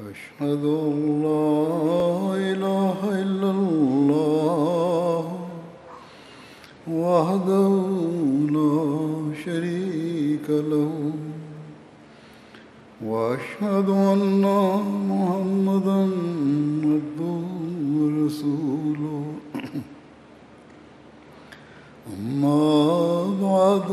أشهد أن لا إله إلا الله وحده لا شريك له وأشهد أن محمدا عبده ورسوله أما بعد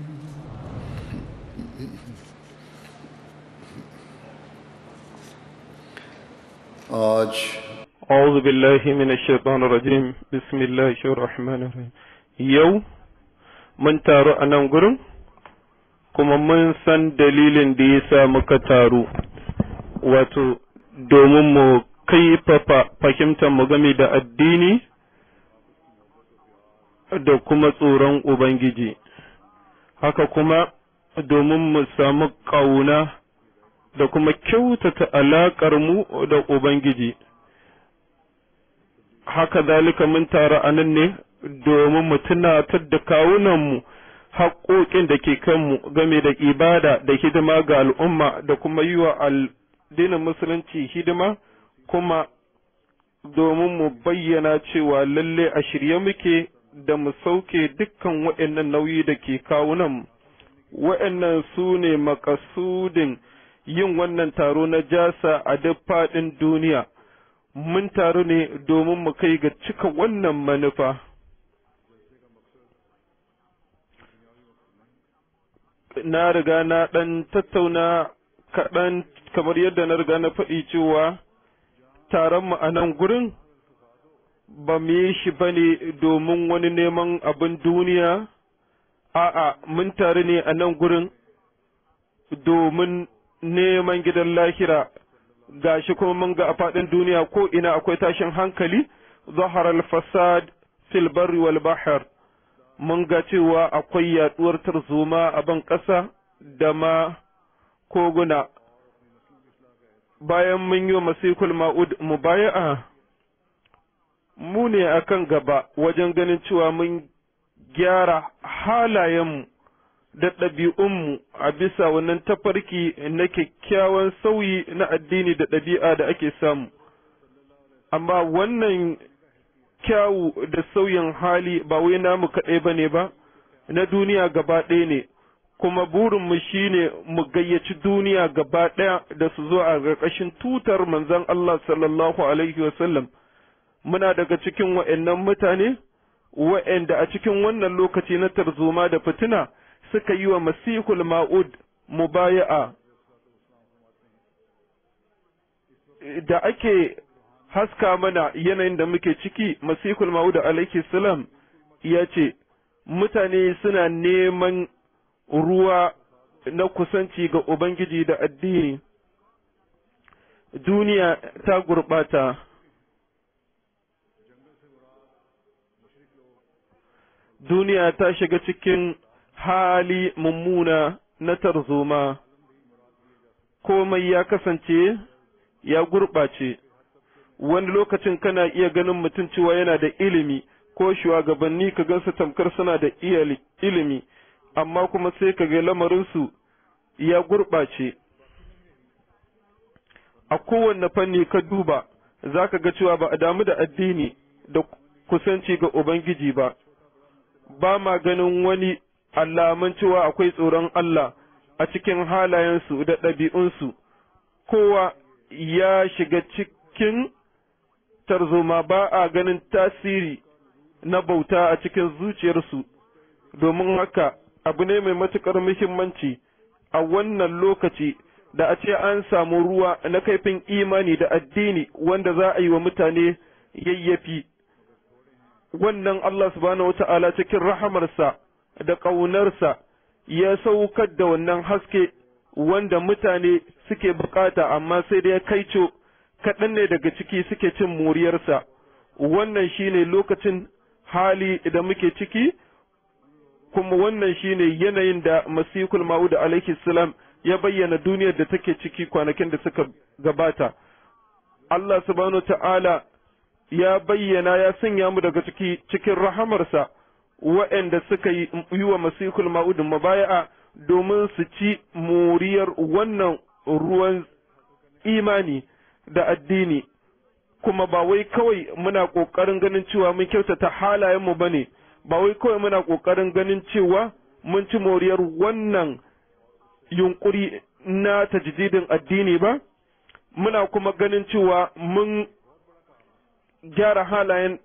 आज أعوذ بالله من الشيطان الرجيم بسم الله الرحمن kuma mun san dalilin da ya sa muka taru wato domin mu kai fahimtar mu gami da addini da kuma tsoron Ubangiji, haka kuma domin mu samu ƙauna da kuma kyautata alaƙar mu da Ubangiji. Haka zalika mun taru a nan ne domin mu tunatar da kawunanmu haƙoƙin da ke kanmu game da ibada da hidima ga al'umma da kuma yi wa addinin musulunci hidima kuma domin mu bayyana cewa lalle a shirye muke da mu sauke dukkan waɗannan nauyi da ke kawunanmu. Waɗannan su ne makasudin. yin wannan taro na jasa a duk faɗin duniya mun taru ne domin mu kai ga cika wannan manufa na riga na ɗan tattauna kaɗan kamar yadda na riga na faɗi cewa taron mu a nan gurin ba mu yi shi ba ne domin wani neman abin duniya a'a mun taru ne a nan gurin domin neman gidan lahira gashi kuma mun ga a faɗin duniya ko ina akwai tashin hankali zahar al-fasad fil barri wal bahr mun ga cewa akwai yaduwar tarzoma a ban ƙasa da ma koguna bayan mun yi masikul ma'ud mubaya'a mu ne akan gaba wajen ganin cewa mun gyara halayenmu da ɗabi'unmu a bisa wannan tafarki na kyakkyawan sauyi na addini da ɗabi'a da ake samu. Amma wannan kyawu da sauyin hali ba wai namu kaɗai ba ne ba, na duniya gaba ɗaya ne, kuma burinmu shi ne mu gayyaci duniya gaba ɗaya da su zo a ƙarƙashin tutar manzan Allah sallallahu Alaihi wasallam. Muna daga cikin wa'yan mutane, wa'yanda a cikin wannan lokaci na tarzoma da fitina. suka yi wa masihul ma'ud mubaya'a da ake haska mana yanayin da muke ciki masihul ma'ud alaihi salam ya ce mutane suna neman ruwa na kusanci ga ubangiji da addini duniya ta gurɓata duniya ta shiga cikin hali mummuna na tarzoma, komai ya kasance ya gurɓace, wani lokacin kana iya ganin mutum cewa yana da ilimi ko shugabanni ka gansa tamkar suna da iya ilimi, amma kuma sai ka ga lamarinsu ya gurɓace. A kowanne fanni ka duba, za ka ga cewa ba a damu da addini da kusanci ga Ubangiji ba, ba ma ganin wani Allah mun cewa akwai tsoron Allah a cikin halayensu da ɗabi'unsu, kowa ya shiga cikin tarzoma ba a ganin tasiri na bauta a cikin zuciyarsu, domin haka abu ne mai matuƙar muhimmanci a wannan lokaci da a ce an samu ruwa na kaifin imani da addini wanda za a yi wa mutane yayyafi. Wannan Allah subhanahu wa ta'ala cikin rahamarsa. da ƙaunarsa ya saukar da wannan haske wanda mutane suke bukata amma sai da ya kaico kaɗan ne daga ciki suke cin muriyarsa wannan shine lokacin hali da muke ciki kuma wannan shine yanayin da masihul ma'udu alaihi salam ya bayyana duniyar da take ciki kwanakin da suka gabata Allah subhanahu ta'ala ya bayyana ya sanya mu daga ciki cikin rahamarsa waɗanda suka yi wa masihul ma'ud mabaya'a domin su ci moriyar wannan ruwan imani da addini kuma ba wai kawai muna ƙoƙarin ganin cewa mun kyautata halayenmu ba ne ba wai kawai muna ƙoƙarin ganin cewa mun ci moriyar wannan yunƙuri na tajdidin addini ba muna kuma ganin cewa mun gyara halayen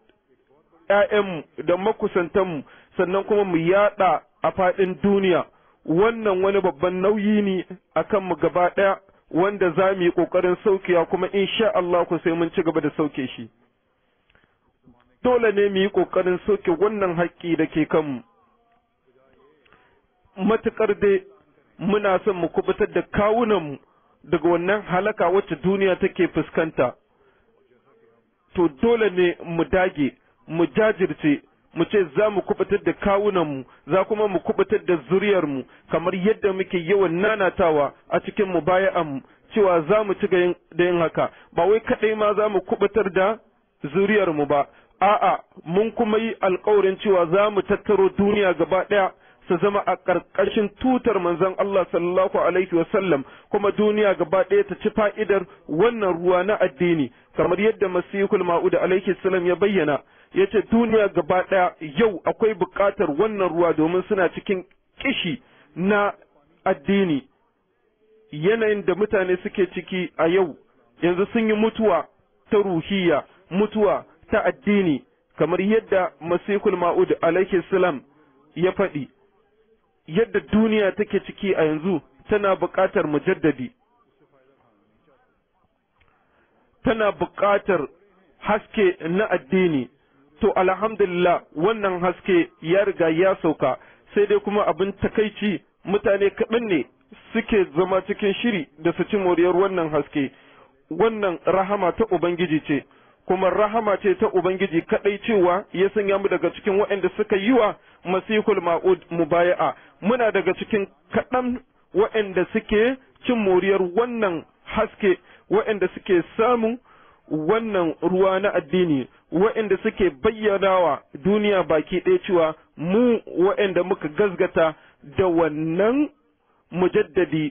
'ya'yanmu da makusantanmu sannan kuma mu yaɗa a faɗin duniya wannan wani babban nauyi ne a kanmu gaba ɗaya wanda za mu yi ƙoƙarin saukewa kuma in sha Allah ku sai mun ci gaba da sauke shi. Dole ne mu yi ƙoƙarin sauke wannan haƙƙi da ke kanmu. Matuƙar dai muna son mu kubutar da kawunanmu daga wannan halaka wacce duniya take fuskanta. To dole ne mu dage mu jajirce mu ce za mu kubutar da kawunanmu za kuma mu kubutar da zuriyarmu kamar yadda muke yawan nanatawa a cikin mu mu cewa za mu ci da yin haka ba wai kaɗai ma za mu kubutar da zuriyarmu ba a'a mun kuma yi alkawarin cewa za mu tattaro duniya gaba ɗaya su zama a ƙarƙashin tutar manzon Allah sallallahu alaihi wa sallam kuma duniya gaba ɗaya ta ci fa'idar wannan ruwa na addini kamar yadda masihul ma'ud alaihi salam ya bayyana ya ce duniya gaba ɗaya yau akwai buƙatar wannan ruwa domin suna cikin kishi na addini yanayin da mutane suke ciki a yau yanzu sun yi mutuwa ta ruhiya mutuwa ta addini kamar yadda masihul ma'ud alaihi salam ya faɗi yadda duniya take ciki a yanzu tana buƙatar mujaddadi tana buƙatar haske na addini to alhamdulillah wannan haske ya riga ya sauka sai dai kuma abin takaici mutane kaɗan ne suke zama cikin shiri da su ci moriyar wannan haske wannan rahama ta ubangiji ce kuma rahama ce ta ubangiji kaɗai cewa ya sanya mu daga cikin waɗanda suka yi wa masihul ma'ud mubaya'a muna daga cikin kaɗan waɗanda suke cin moriyar wannan haske waɗanda suke samun wannan ruwa na addini wa'inda suke bayyanawa duniya baki ɗaya cewa mu wa'inda muka gazgata da wannan mujaddadi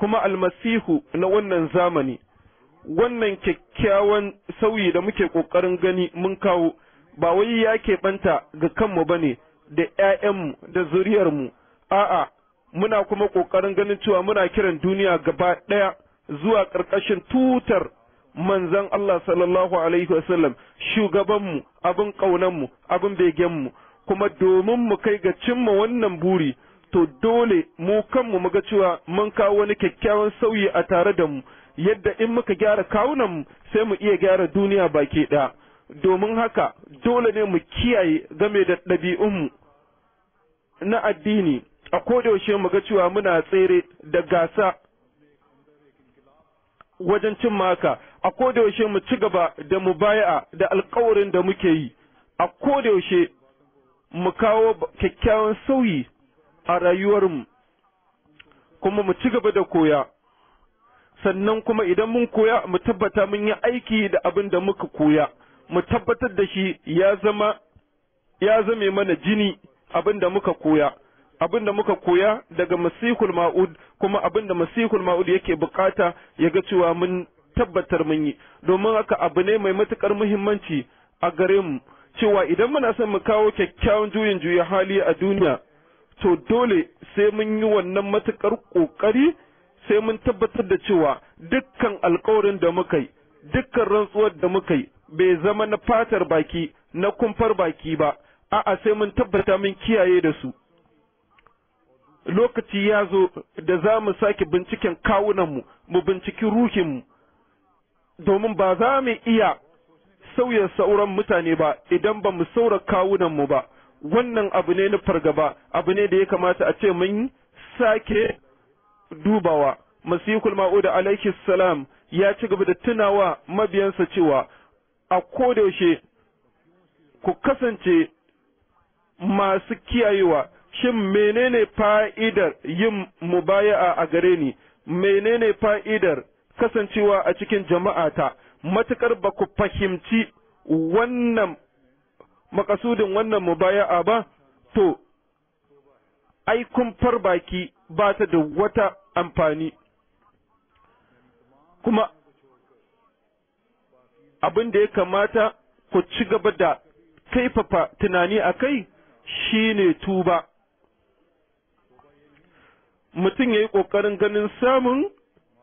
kuma almasihu na wannan zamani wannan kyakkyawan sauyi da muke ƙoƙarin gani mun kawo ba wai ya keɓanta ga kanmu ba ne da ‘ya'yanmu da zuriyarmu a'a muna kuma ƙoƙarin ganin cewa muna kiran duniya gaba ɗaya zuwa ƙarƙashin tutar manzan Allah sallallahu alaihi wasallam shugabanmu abin ƙaunanmu abin begenmu kuma domin mu kai ga cimma wannan buri to dole mu kanmu muga cewa mun kawo wani kyakkyawan sauyi a tare da mu yadda in muka gyara kawunanmu sai mu iya gyara duniya baki ɗaya domin haka dole ne mu kiyaye game da ɗabi'unmu na addini a kodayaushe mu ga cewa muna tsere da gasa wajen cin maka a kodayaushe mu ci gaba da mu baya da alkawarin da muke yi a kodayaushe mu kawo kyakkyawan sauyi a rayuwarmu kuma mu ci gaba da koya sannan kuma idan mun koya mu tabbata mun yi aiki da abin da muka koya mu tabbatar da shi ya zama ya zame mana jini abin da muka koya abin da muka koya daga masihul ma'ud kuma abin da masihul ma'ud yake bukata ya ga cewa mun tabbatar mun yi domin haka abu ne mai matukar muhimmanci a gare mu cewa idan muna son mu kawo kyakkyawan juyin juya hali a duniya to dole sai mun yi wannan matukar ƙoƙari sai mun tabbatar da cewa dukkan alkawarin da muka yi dukkan rantsuwar da muka yi bai zama na fatar baki na kumfar baki ba a'a sai mun tabbata mun kiyaye da su lokaci ya zo da za mu sake binciken kawunanmu mu binciki ruhinmu domin ba za mu iya sauya sauran mutane ba idan ba mu saura kawunan mu ba wannan abu ne na fargaba abu ne da ya kamata a ce mun sake dubawa masihul ma'uda alaihi salam ya ci gaba da tunawa mabiyansa cewa a kodayaushe ku kasance masu kiyayewa shin menene fa'idar yin mubaya'a a gare ni menene fa'idar kasancewa a cikin jama'a ta matukar ba ku fahimci wannan makasudin wannan mubaya'a ba to ai kun baki ba ta da wata amfani kuma abin da ya kamata ku ci gaba da kaifafa tunani a kai shi ne tuba mutum ya yi ƙoƙarin ganin samun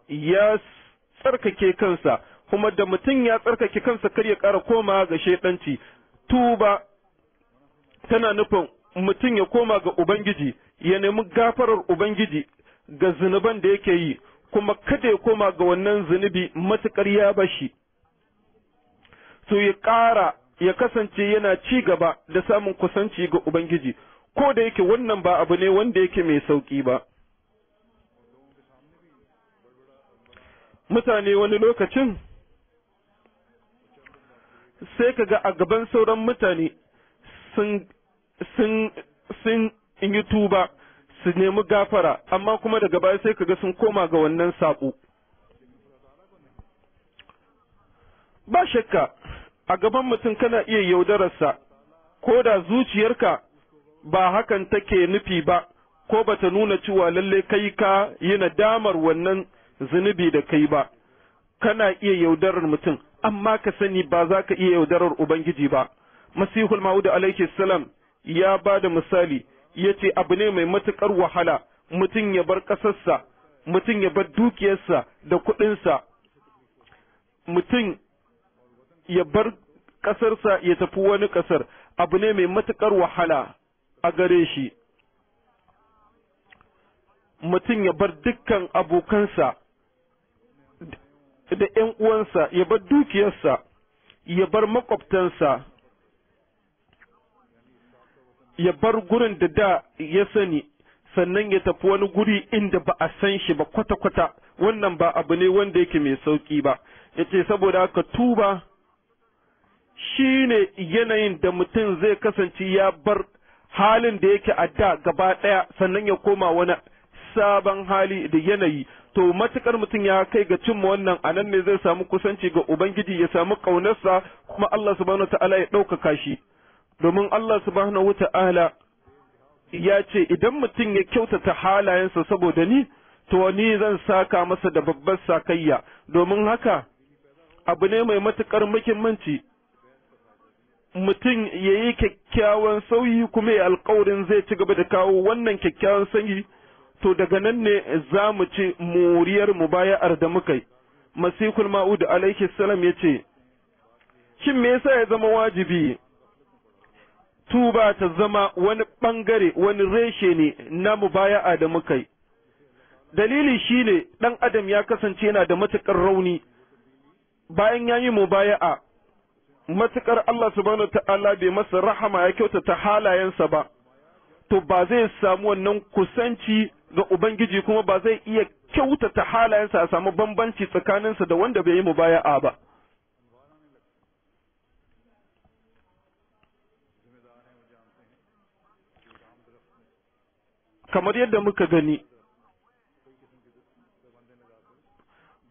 ya tsarkake kansa kuma da mutum ya tsarkake kansa kar ya ƙara koma ga shaidanci tuba tana nufin mutum ya koma ga ubangiji ya nemi gafarar ubangiji ga zunuban da yake yi kuma kada ya koma ga wannan zunubi matuƙar ya bashi to ya ƙara ya kasance yana ci gaba da samun kusanci ga ubangiji ko da yake wannan ba abu ne wanda yake mai sauƙi ba mutane wani lokacin sai ka ga a gaban sauran mutane sun in yi tuba su nemi gafara amma kuma daga baya sai ka ga sun koma ga wannan saƙo ba shakka a gaban mutum kana iya yaudararsa ko da zuciyarka ba hakan take nufi ba ko bata nuna cewa lalle kai ka yi nadamar wannan zunubi da kai ba kana iya yaudarar mutum amma ka sani ba za ka iya yaudarar ubangiji ba masihul ma'udu alaihi salam ya ba da misali ya ce abu ne mai matuƙar wahala mutum ya bar ƙasarsa mutum ya bar dukiyarsa da kuɗinsa mutum ya bar ƙasarsa ya tafi wani ƙasar abu ne mai matuƙar wahala a gare shi mutum ya bar dukkan abokansa da ‘yan uwansa, ya bar dukiyarsa, ya bar makwabtansa, ya bar gurin da da ya sani, sannan ya tafi wani guri inda ba a san shi ba kwata-kwata, wannan ba abu ne wanda yake mai sauƙi ba. Ya ce, saboda haka tuba shi ne yanayin da mutum zai kasance ya bar halin da yake a da gaba ɗaya, sannan ya koma wani sabon hali da yanayi to matukar mutum ya kai ga cimma wannan anan ne zai samu kusanci ga ubangiji ya samu ƙaunarsa kuma Allah subhanahu ta'ala ya ɗaukaka shi domin Allah subhanahu ta'ala ya ce idan mutum ya kyautata halayensa saboda ni to ni zan saka masa da babbar sakayya domin haka abu ne mai matukar muhimmanci mutum ya yi kyakkyawan sauyi kuma ya alkawarin zai ci gaba da kawo wannan kyakkyawan sauyi to daga nan ne za mu ci muriyar mubaya'ar da muka yi masihul ma'ud alaihi salam ya ce shin me yasa ya zama wajibi tuba ta zama wani ɓangare wani reshe ne na mubaya'a da muka yi dalili shine dan adam ya kasance yana da matukar rauni bayan ya yi mubaya'a Matukar Allah subhanahu ta'ala bai masa rahama ya kyautata halayensa ba to ba zai samu wannan kusanci ga Ubangiji kuma ba zai iya kyautata halayensa a samu bambanci tsakaninsa da wanda bai yi a ba. Kamar yadda muka gani,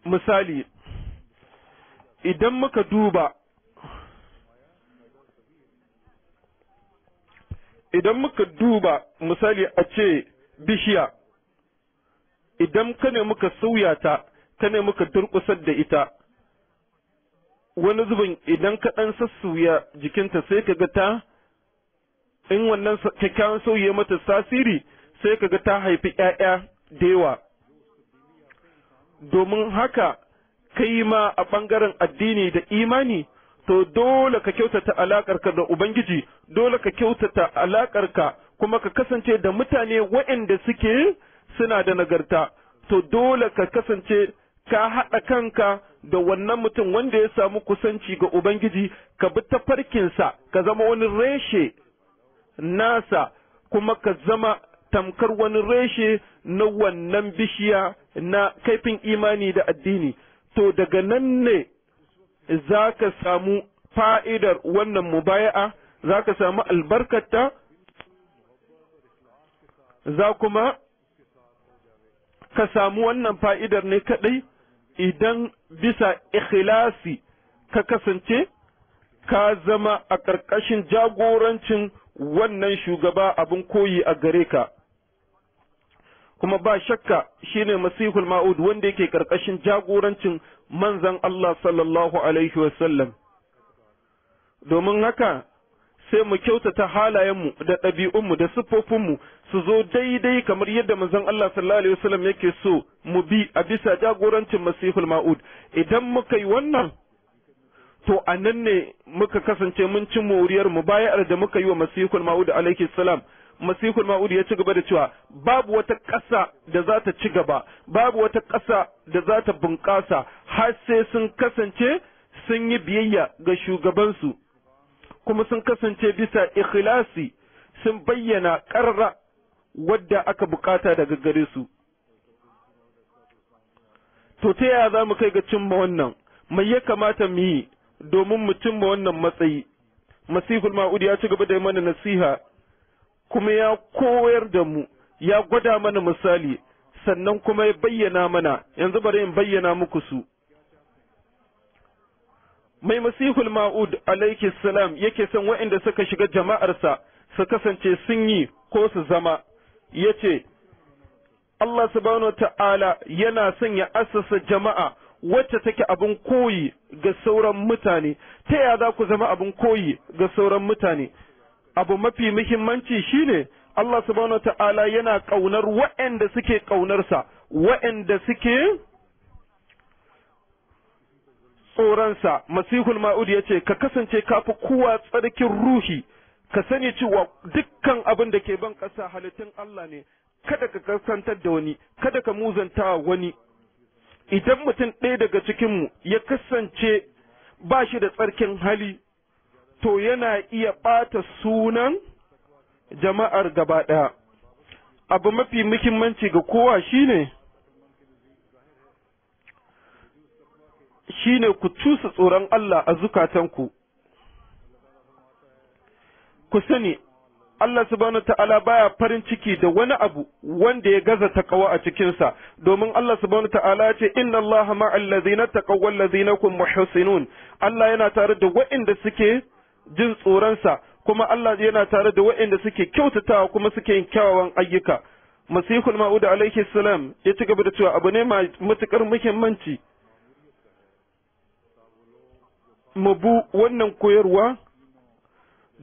misali, idan muka duba idan muka duba misali a ce bishiya idan ka ne muka sauya ta ka ne muka turkusar da ita wani zubin idan ka ɗan sassuya jikinta sai ka ga ta in wannan kyakkyawan sauye mata sasiri sai ka ga ta haifi ‘ya'ya da yawa domin haka kai ma a ɓangaren addini da imani to dole ka kyautata alaƙarka da Ubangiji dole ka kyautata alaƙarka kuma ka kasance da mutane waɗanda suke suna da nagarta to dole ka kasance ka haɗa kanka da wannan mutum wanda ya samu kusanci ga Ubangiji ka bi tafarkinsa ka zama wani reshe nasa kuma ka zama tamkar wani reshe na wannan bishiya na kaifin imani da addini to daga nan ne za ka samu fa'idar wannan mubaya'a za ka samu albarkata za kuma ka samu wannan fa'idar ne kaɗai idan bisa ikhlasi ka kasance ka zama a ƙarƙashin jagorancin wannan shugaba abin koyi a gare ka. Kuma ba shakka shine Masihul Ma'ud wanda yake ƙarƙashin jagorancin manzan Allah sallallahu Alaihi wasallam. Domin haka sai mu kyautata halayenmu da ɗabi'unmu da siffofinmu su zo daidai kamar yadda manzon Allah sallallahu alaihi wasallam yake so mu bi a bisa jagorancin Masihul Ma'ud idan muka yi wannan to a nan ne muka kasance mun ci moriyar mu bayar da muka yi wa Masihul Ma'ud alaihi salam Masihul Ma'ud ya ci gaba da cewa babu wata ƙasa da za ta ci gaba babu wata ƙasa da za ta bunƙasa har sai sun kasance sun yi biyayya ga shugabansu kuma sun kasance bisa ikhlasi sun bayyana ƙarra wadda aka bukata daga gare su to ta yaya za mu kai ga cimma wannan mai ya kamata mu yi domin mu cimma wannan matsayi masihul ma'udi ya ci gaba da mana nasiha kuma ya koyar da mu ya gwada mana misali sannan kuma ya bayyana mana yanzu bari in bayyana muku su mai masihul ma'ud alaihi salam yake son wa'inda suka shiga jama'arsa su kasance sun yi ko su zama Ya ce. Allah subhanahu ta'ala yana son ya assasa jama'a wacce take abin koyi ga sauran mutane ta ya za ku zama abin koyi ga sauran mutane abu mafi muhimmanci shine Allah subhanahu ta'ala yana kaunar wa'inda suke kaunarsa Wa'inda suke tsoronsa masihul ma'ud ya ce ka kasance kafi fi kowa tsarkin ruhi ka sani cewa dukkan abin da ke ban ƙasa halittun Allah ne kada ka kasantar da wani kada ka muzanta wani idan mutum ɗaya daga cikinmu ya kasance ba shi da tsarkin hali to yana iya ɓata sunan jama'ar gaba ɗaya abu mafi muhimmanci ga kowa shine shine ku cusa tsoron Allah a zukatanku ku sani Allah subhanahu ta'ala baya farin ciki da wani abu wanda ya gaza takawa a cikinsa domin Allah subhanahu ta'ala ya ce inna Allah ma'al ladzina taqaw wal kum muhsinun Allah yana tare da wa'inda suke jin tsoronsa kuma Allah yana tare da wa'inda suke kyautatawa kuma suke yin kyawawan ayyuka Masihul Ma'ud alaihi salam ya ci gaba da cewa abu ne mai matukar muhimmanci mu bu wannan koyarwa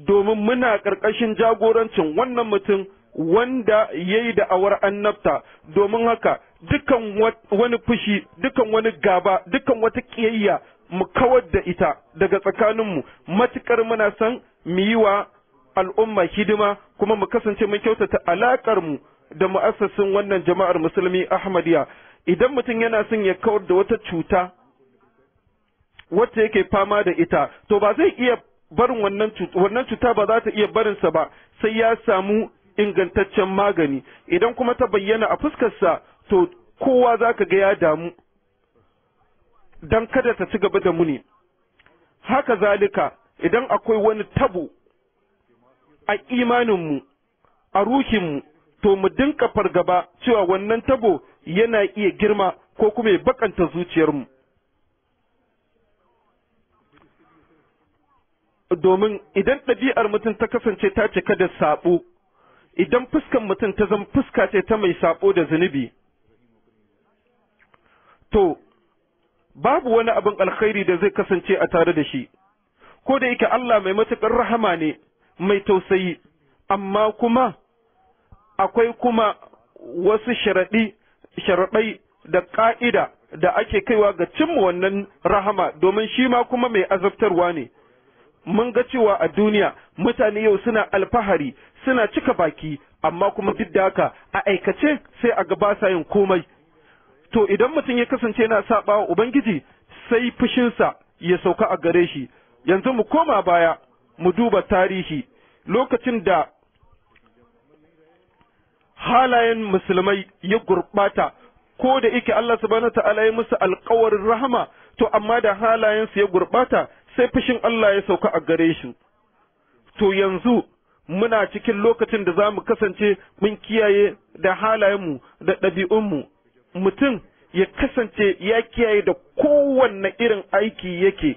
domin muna ƙarƙashin jagorancin wannan mutum wanda ya yi da'awar annabta domin haka dukan wani fushi dukan wani gaba dukan wata ƙiyayya mu kawar da ita daga tsakaninmu matuƙar muna son mu yi wa al'umma hidima kuma mu kasance mun kyautata mu da mu'assasin wannan jama'ar musulmi ahmadiyya idan mutum yana son ya kawar da wata cuta wacce yake fama da ita to ba zai iya barin wannan cuta wannan cuta ba za ta iya barinsa ba sai ya samu ingantaccen magani idan kuma ta bayyana a fuskarsa to kowa za ka ga ya damu don kada ta ci gaba da muni haka zalika idan akwai wani tabo a imaninmu a ruhinmu to mu dinka fargaba cewa wannan tabo yana iya girma ko kuma ya bakanta zuciyarmu domin idan ɗabi'ar mutum ta kasance ta cika da saɓo idan fuskan mutum ta zama fuska ce ta mai saɓo da zunubi to babu wani abin alkhairi da zai kasance a tare da shi ko da yake Allah mai matuƙar rahama ne mai tausayi amma kuma akwai kuma wasu sharaɗai da ƙa'ida da ake kaiwa ga cimma wannan rahama domin shi ma kuma mai azabtarwa ne mun ga cewa a duniya mutane yau suna alfahari suna cika baki amma kuma duk da haka a aikace sai a gaba sa yin komai to idan mutum ya kasance yana saba wa ubangiji sai fushinsa ya sauka a gare shi yanzu mu koma baya mu duba tarihi lokacin da halayen musulmai ya gurɓata ko da ike Allah subhanahu ta'ala ya musu alƙawarin rahama to amma da halayensu ya gurɓata sai fushin Allah ya sauka a gare shi to yanzu muna cikin lokacin da za mu kasance mun kiyaye da halayenmu da ɗabi'unmu mutum ya kasance ya kiyaye da kowanne irin aiki yake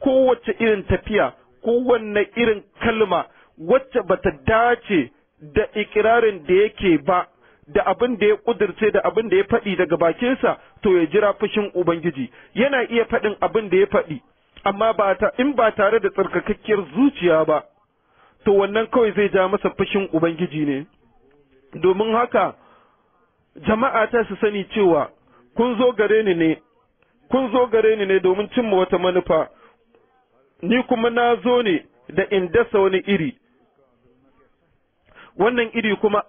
kowace irin tafiya kowanne irin kalma wacce bata dace da ikirarin da yake ba da abin da ya kudirce da abin da ya faɗi daga bakinsa to ya jira fushin ubangiji yana iya faɗin abin da ya faɗi amma ba ta in ba tare da tsarkakakkiyar zuciya ba to wannan kawai zai ja masa fushin ubangiji ne domin haka jama'a ta su sani cewa kun zo gare ni ne kun zo gare ni ne domin cimma wata manufa ni kuma na zo ne da in dasa wani iri wannan iri kuma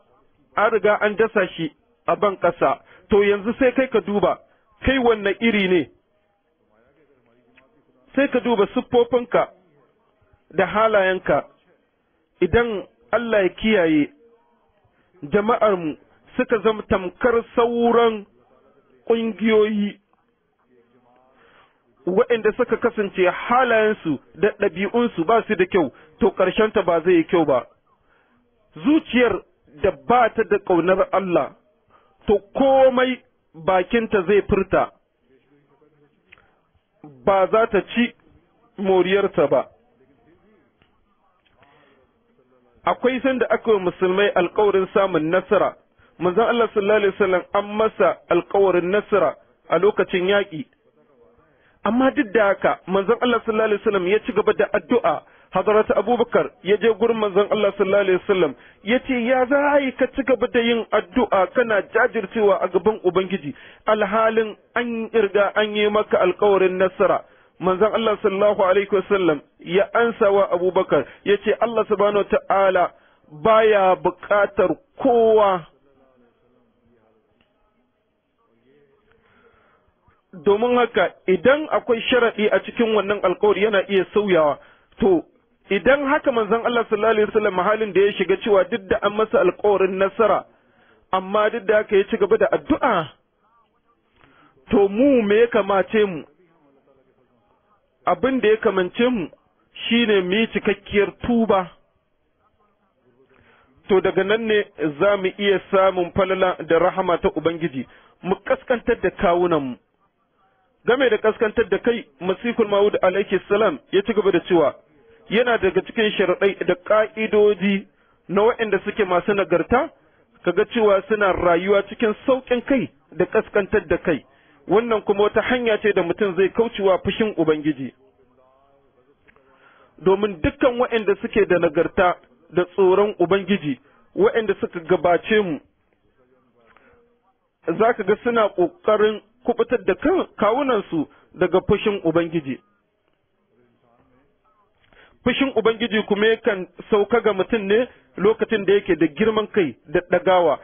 an riga an dasa shi a ban ƙasa to yanzu sai kai ka duba kai wannan iri ne sai ka duba siffofinka da halayenka idan Allah ya kiyaye jama'armu suka zama tamkar sauran ƙungiyoyi waɗanda suka kasance halayensu da ɗabi'unsu ba su da kyau to ƙarshenta ba zai yi kyau ba zuciyar da ba ta da ƙaunar Allah to komai bakinta zai furta ba za ta ci moriyarta ba akwai sanda aka wa musulmai alkawarin samun nasara manzon Allah sallallahu alaihi wasallam an masa alkawarin nasara a lokacin yaƙi amma duk da haka manzon Allah sallallahu alaihi wasallam ya ci gaba da addu'a hadarat abubakar ya je gurin manzon Allah sallallahu alaihi wasallam ya ce ya za yi ka ci gaba da yin addu'a kana jajircewa a gaban ubangiji alhalin an irga an yi maka alkawarin nasara manzon Allah sallallahu alaihi wasallam ya ansa wa abubakar ya ce Allah subhanahu ta'ala baya buƙatar kowa domin haka idan akwai sharaɗi a cikin wannan alkawari yana iya sauyawa to idan haka manzon Allah sallallahu alaihi wasallam halin da ya shiga cewa duk da an masa alƙawarin nasara amma duk da haka ya ci gaba da addu'a to mu me ya kamace mu abin da ya kamance mu shine mu yi cikakkiyar tuba to daga nan ne za mu iya samun falala da rahama ta ubangiji mu kaskantar da kawunan mu game da kaskantar da kai masiful mawud alaihi salam ya ci gaba da cewa yana daga cikin sharaɗai da ƙa'idoji na waɗanda suke masu nagarta ka ga cewa suna rayuwa cikin sauƙin kai da ƙasƙantar da kai wannan kuma wata hanya ce da mutum zai kaucewa fushin ubangiji domin dukkan waɗanda suke da nagarta da tsoron ubangiji waɗanda suka gabace mu za ka ga suna ƙoƙarin kubutar da kawunansu daga fushin ubangiji fushin ubangiji kuma yakan sauka ga mutum ne lokacin da yake da girman kai da ɗagawa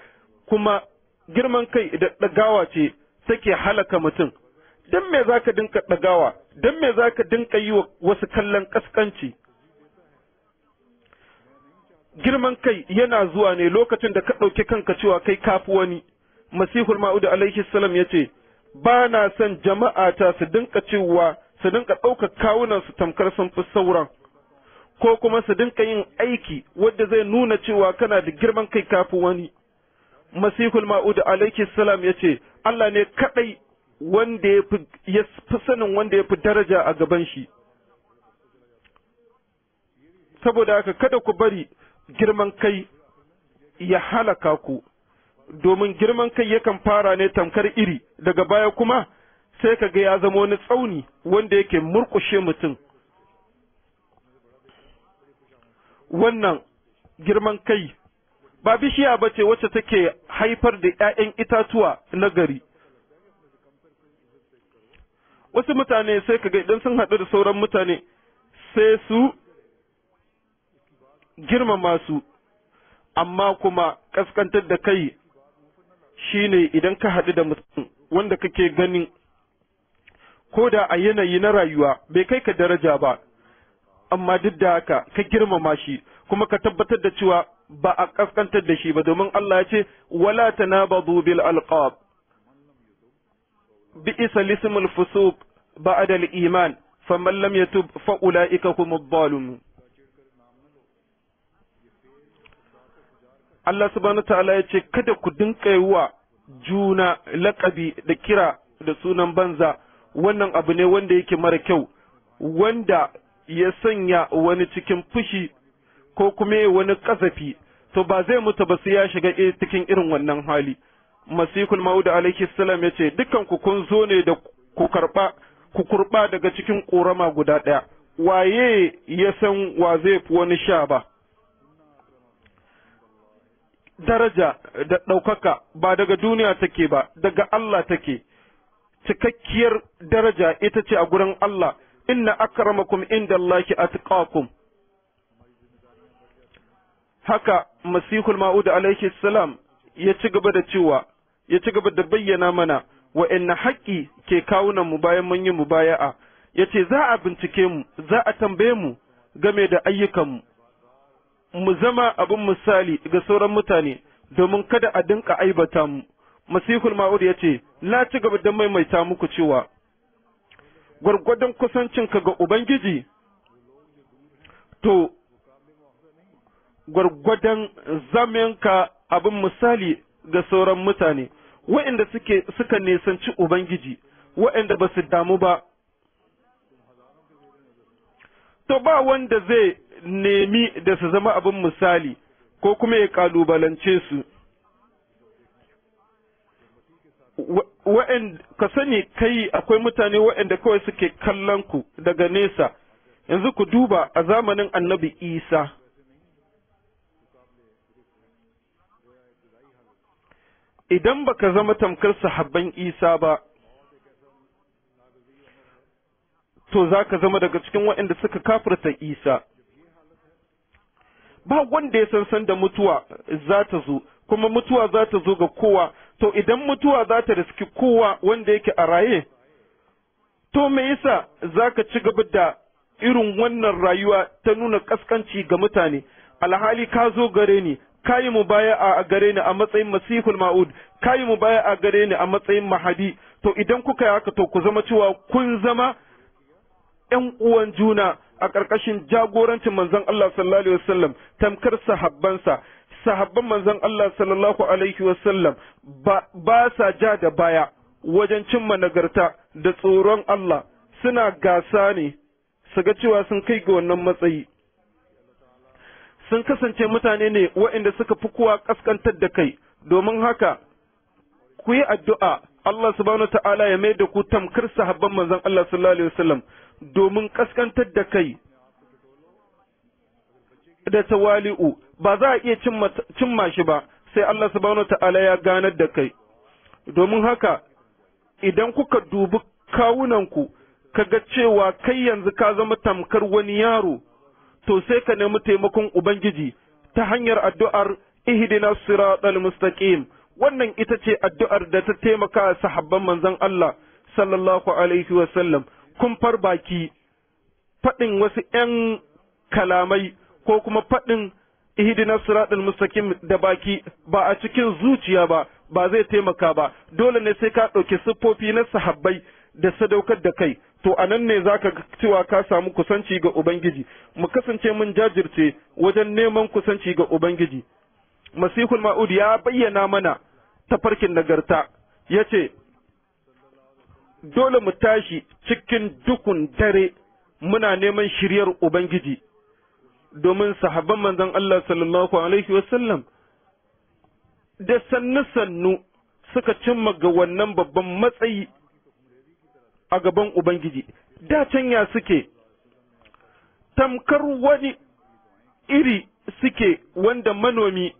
kuma girman kai da ɗagawa ce take halaka mutum don me za ka dinka ɗagawa don me za ka dinka yi wa wasu kallon ƙasƙanci girman kai yana zuwa ne lokacin da ka ɗauki kanka cewa kai kafi wani masihul ma'udu alaihi salam ya ce ba na son jama'a ta su dinka cewa su dinka ɗaukar kawunan su tamkar sun fi sauran ko kuma su dinka yin aiki wadda zai nuna cewa kana da girman kai kafin wani masihul ma'udu alaihi salam ya ce Allah ne kaɗai wanda ya fi sanin wanda ya fi daraja a gaban shi saboda haka kada ku bari girman kai ya halaka ku domin girman kai yakan fara ne tamkar iri daga baya kuma sai ka ga ya zama wani tsauni wanda yake murkushe mutum wannan girman kai ba bishiya ba ce wacce take haifar da ‘ya'yan itatuwa na gari. Wasu mutane sai ka idan sun haɗu da sauran mutane sai su girmama su, amma kuma ƙasƙantar da kai shi ne idan ka haɗu da mutum wanda kake ganin ko da a yanayi na rayuwa bai kai ka daraja ba, amma duk da haka ka girmama shi kuma ka tabbatar da cewa ba a kaskantar da shi ba domin Allah ya ce wala tanabadu bil alqab bi isa lismul fusuq ba'da al iman faman lam yatub fa ulaika humud zalimun Allah subhanahu ta'ala ya ce kada ku dinka yiwa juna laƙabi da kira da sunan banza wannan abu ne wanda yake mara kyau wanda ya sanya wani cikin fushi ko kuma wani kazafi to ba zai mutu ba sai ya shiga eh cikin irin wannan hali masihul mauda alaihi salam ya ce dukkan ku kun zo ne da ku karba ku kurba daga cikin korama guda ɗaya waye ya san wa zai fi wani sha ba daraja da ɗaukaka ba daga duniya take ba daga Allah take cikakkiyar daraja ita ce a gurin Allah inna akramakum indallahi atqakum haka masihul ma'ud alaihi salam ya ci gaba da cewa ya ci gaba da bayyana mana inna haƙƙi ke kawunan mu bayan mun yi mubaya'a yace za a bincike mu za a tambaye mu game da ayyukan mu mu zama abin misali ga sauran mutane domin kada a dinka aibata mu masihul ma'ud yace na ci gaba da maimaita muku cewa gwargwadon kusancinka ga Ubangiji, to, gwargwadon zamenka abin misali ga sauran mutane, waɗanda suka nesanci Ubangiji, waɗanda ba su damu ba. To, ba wanda zai nemi da su zama abin misali, ko kuma ya ƙalubalance su. wa'in ka sani kai akwai mutane wa'inda kawai suke kallon ku daga nesa yanzu ku duba a zamanin annabi isa idan baka zama tamkar sahabban isa ba to za ka zama daga cikin waɗanda suka kafirta isa ba wanda ya san san da mutuwa za ta zo kuma mutuwa za ta zo ga kowa to idan mutuwa za ta riski kowa wanda yake a raye to me yasa za ka ci gaba da irin wannan rayuwa ta nuna kaskanci ga mutane alhali ka zo gare ni ka yi mu baya a gare ni a matsayin masihul ma'ud ka yi mu baya a gare ni a matsayin mahadi to idan kuka yi haka to ku zama cewa kun zama ‘yan uwan juna a ƙarƙashin jagorancin manzon Allah sallallahu Alaihi wasallam tamkar sahabbansa sahabban manzon Allah sallallahu alaihi wasallam ba sa ja da baya wajen cimma nagarta da tsoron Allah suna gasa ne su ga cewa sun kai ga wannan matsayi sun kasance mutane ne waɗanda suka fi kuwa ƙaskantar da kai domin haka ku yi addu'a Allah subhanahu ta'ala ya mai da ku tamkar sahabban manzon Allah sallallahu alaihi wasallam domin ƙaskantar da kai da tawali'u ba za a iya cimma shi ba sai Allah subhanahu ta'ala ya ganar da kai domin haka idan kuka dubi kawunanku kaga cewa kai yanzu ka zama tamkar wani yaro to sai ka nemi taimakon ubangiji ta hanyar addu'ar Ihidina siratal mustaqim wannan ita ce addu'ar da ta taimaka sahabban manzan Allah sallallahu alaihi Wasallam kun far baki faɗin wasu ‘yan kalamai ko kuma faɗin ihdina siratal mustaqim da baki ba a cikin zuciya ba ba zai taimaka ba dole ne sai ka ɗauki siffofi na sahabbai da sadaukar da kai to anan ne zaka cewa ka samu kusanci ga ubangiji mu kasance mun jajirce wajen neman kusanci ga ubangiji masihul ma'ud ya bayyana mana tafarkin nagarta ya ce dole mu tashi cikin dukun dare muna neman shiryar ubangiji domin sahabban manzon Allah sallallahu alaihi wasallam da sannu-sannu suka cimma ga wannan babban matsayi a gaban Ubangiji, da can ya suke, tamkar wani iri suke wanda manomi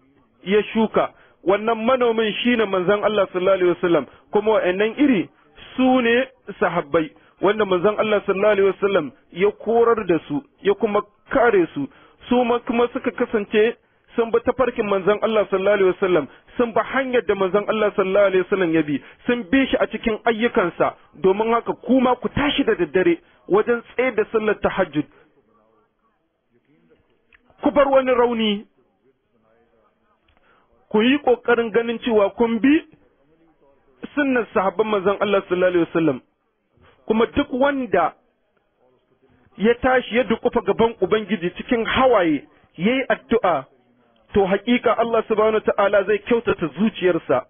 ya shuka, wannan manomin shine manzon Allah sallallahu Alaihi wasallam kuma wa'annan iri sune ne sahabbai. wanda manzon Allah sallallahu alaihi wasallam ya korar da su ya kuma kare su su kuma suka kasance sun bi tafarkin manzon Allah sallallahu alaihi wasallam sun bi hanyar da manzon Allah sallallahu alaihi wasallam ya bi sun bi shi a cikin ayyukansa domin haka kuma ku tashi da daddare wajen tsaye da sallar tahajjud ku bar wani rauni ku yi ƙoƙarin ganin cewa kun bi sunnar sahabban manzon Allah sallallahu alaihi wasallam kuma duk wanda ya tashi ya dukufa gaban ubangiji cikin hawaye ya yi addu'a to haƙiƙa Allah subhanahu ta'ala zai kyautata zuciyarsa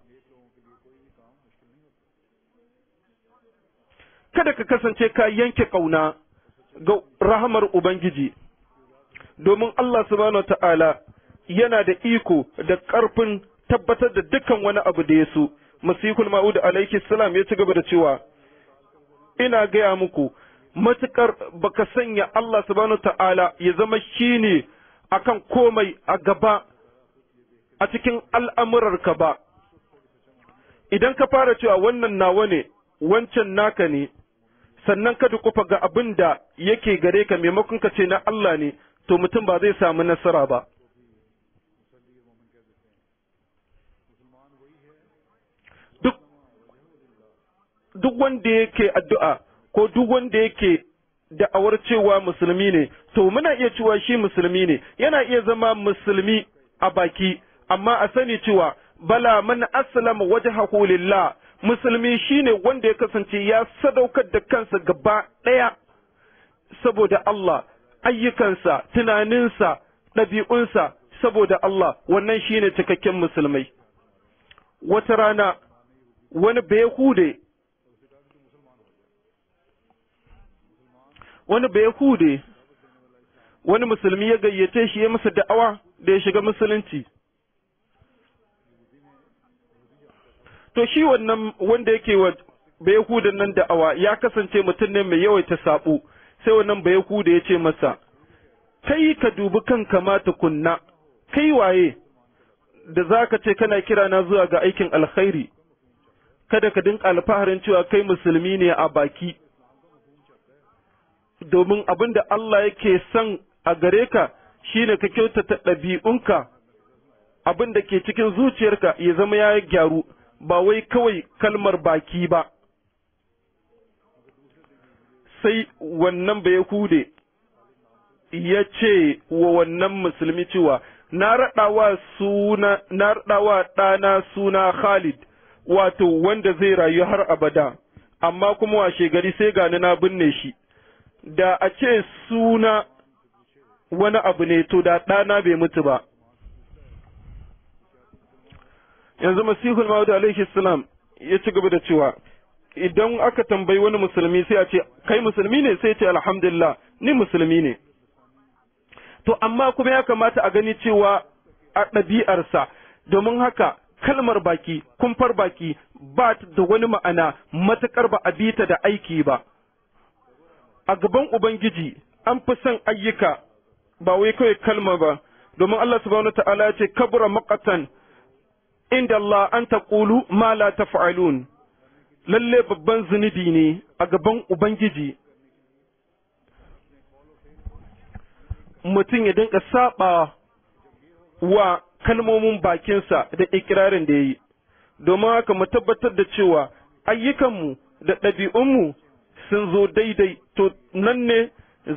kada ka kasance ka yanke ƙauna ga rahamar ubangiji domin Allah subhanahu ta'ala yana da iko da ƙarfin tabbatar da dukkan wani abu da ya so masihul ma'udu alaihi salam ya ci gaba da cewa ina gaya muku matukar baka sanya Allah subhanahu ta'ala ya zama shi shine akan komai a gaba a cikin al'amurarka ba idan ka fara cewa wannan nawa ne wancan naka ne sannan ka dukufa ga abin da yake gare ka maimakon ka ce na Allah ne to mutum ba zai samu nasara ba duk wanda yake addu'a ko duk wanda yake da'awar cewa musulmi ne to muna iya cewa shi musulmi ne yana iya zama musulmi a baki amma a sani cewa bala man aslama wajhahu lillah musulmi shine wanda ya kasance ya sadaukar da kansa gaba ɗaya saboda Allah ayyukansa tunaninsa ɗabi'unsa saboda Allah wannan shine cikakken musulmai wata rana wani bai hude. wani hude wani musulmi ya gayyace shi ya masa da'awa da ya shiga musulunci to shi wannan wanda yake wa bayahudan nan da'awa ya kasance mutum ne mai yawaita saɓo, sai wannan hude ya ce masa kai ka dubi kan kamata kunna. kai waye da za ka ce kana kira na zuwa ga aikin alkhairi kada ka dinka alfaharin cewa kai musulmi ne a baki domin abin da Allah yake son a gare ka shi ne ka kyautata ɗabi'unka abin da ke cikin zuciyarka ya zama ya gyaru ba wai kawai kalmar baki ba sai wannan bai hude ya ce wa wannan musulmi cewa na raɗawa ɗana suna Khalid wato wanda zai rayu har abada amma kuma washe gari sai gani na binne shi da a ce suna wani abu ne to da ɗana bai mutu ba yanzu masihul ma'udu alaihi salam ya ci gaba da cewa idan aka tambayi wani musulmi sai a ce kai musulmi ne sai ce alhamdulillah ni musulmi ne to amma kuma ya kamata a gani cewa a ɗabi'arsa domin haka kalmar baki kumfar baki ba da wani ma'ana matuƙar ba a bi ta da aiki ba a gaban ubangiji an fi son ayyuka ba wai kawai kalma ba domin Allah subhanahu ta'ala ya ce kabura makatan inda Allah an taqulu ma la taf'alun lalle babban zunubi ne a gaban ubangiji mutum ya dinka saɓa wa kalmomin bakinsa da ikirarin da ya yi domin haka mu tabbatar da cewa ayyukanmu da ɗabi'unmu sun zo daidai to nan ne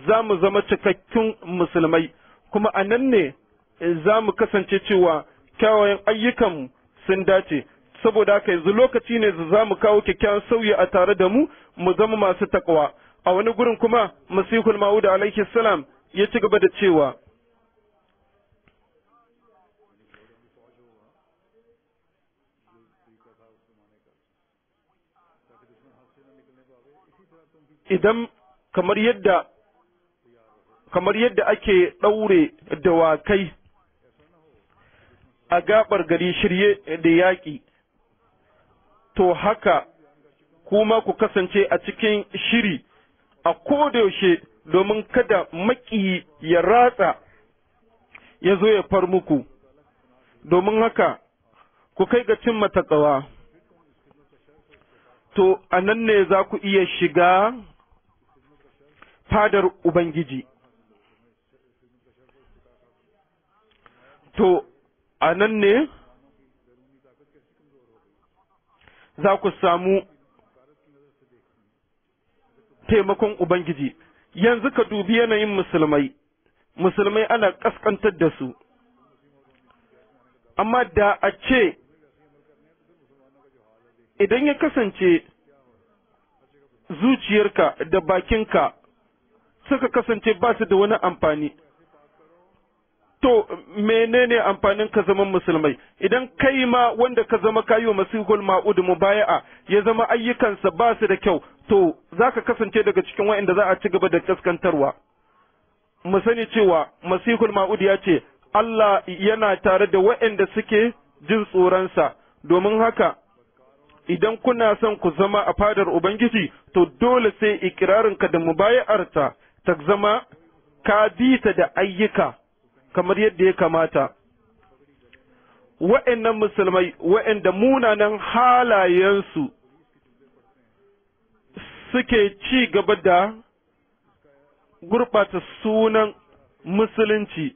za mu zama cikakkun musulmai kuma a nan ne eh, za mu kasance cewa kyawawan ayyukan sun dace saboda haka yanzu lokaci ne za mu kawo kyakkyawan sauyi a tare da mu mu zama masu takwa a wani gurin kuma masihul ma'uda alaihi salam ya ci gaba da cewa idan kamar yadda kamar yadda ake ɗaure dawakai a gaɓar gari shirye da yaƙi to haka kuma ku kasance a cikin shiri a kodayaushe domin kada maki ya ratsa ya zo ya far muku domin haka ku kai ga cin matakawa to anan ne za ku iya shiga fadar Ubangiji. To, a nan ne za ku samu taimakon Ubangiji, yanzu ka dubi yanayin musulmai, musulmai ana ƙasƙantar da su, amma da a ce idan ya kasance zuciyarka da bakinka suka kasance ba su da wani amfani to menene amfanin ka zama musulmai idan kai ma wanda ka zama kayo masihul mu mubaya'a ya zama ayyukansa ba su da kyau to za ka kasance daga cikin wa'inda za a ci gaba da kaskantarwa mu sani cewa masihul ma'udu ya ce Allah yana tare da wa'inda suke jin tsoronsa domin haka idan kuna son ku zama a fadar ubangiji to dole sai ikirarinka da mubaya'arta ta zama ka bi da ayyuka kamar yadda ya kamata wa'annan musulmai wa'anda munanan halayensu suke ci gaba da gurɓata sunan musulunci